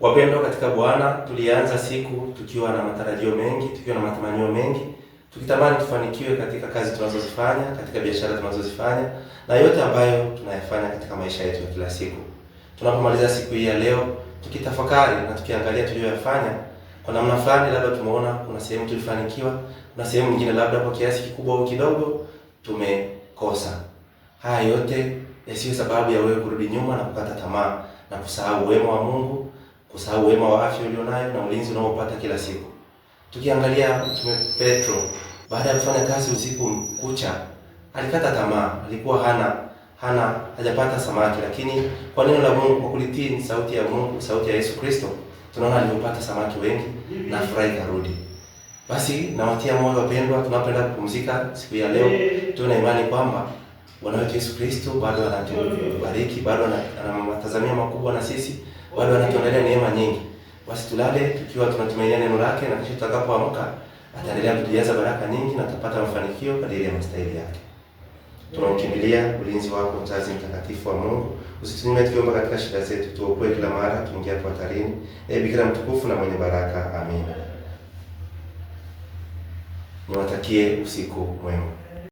Wapendwa katika Bwana, tulianza siku tukiwa na matarajio mengi, tukiwa na matamanio mengi, tukitamani tufanikiwe katika kazi tunazozifanya, katika biashara tunazozifanya na yote ambayo tunayafanya katika maisha yetu ya kila siku. Tunapomaliza siku hii ya leo, tukitafakari na tukiangalia tuliyoyafanya, kwa namna fulani labda tumeona kuna sehemu tulifanikiwa, kuna sehemu nyingine labda kwa kiasi kikubwa au kidogo tumekosa. Haya yote yasiyo sababu ya wewe kurudi nyuma na kukata tamaa na kusahau wema wa Mungu kwa sababu wema wa afya ulionayo na ulinzi unaopata kila siku. Tukiangalia Mtume Petro, baada ya kufanya kazi usiku kucha, alikata tamaa, alikuwa hana hana hajapata samaki, lakini kwa neno la Mungu, kwa kulitii sauti ya Mungu, sauti ya Yesu Kristo, tunaona aliopata samaki wengi na furahi karudi. Basi nawatia moyo wapendwa, tunapoenda kupumzika siku ya leo, tuwe na imani kwamba Bwana wetu Yesu Kristo bado anatubariki, bado anatazamia makubwa na sisi, bado anatuandalia tulale tukiwa tunatumainia neno lake, na kisha tutakapoamka ataendelea kutujaza baraka nyingi na tutapata mafanikio kadiri ya mastahili yake. Tunaukimbilia ulinzi wako, mzazi mtakatifu wa Mungu, usitunyime tukiomba katika shida zetu, tuokoe kila mara tuingia hapo hatarini. Ee Bikira mtukufu na mwenye baraka, amina. Niwatakie usiku mwema.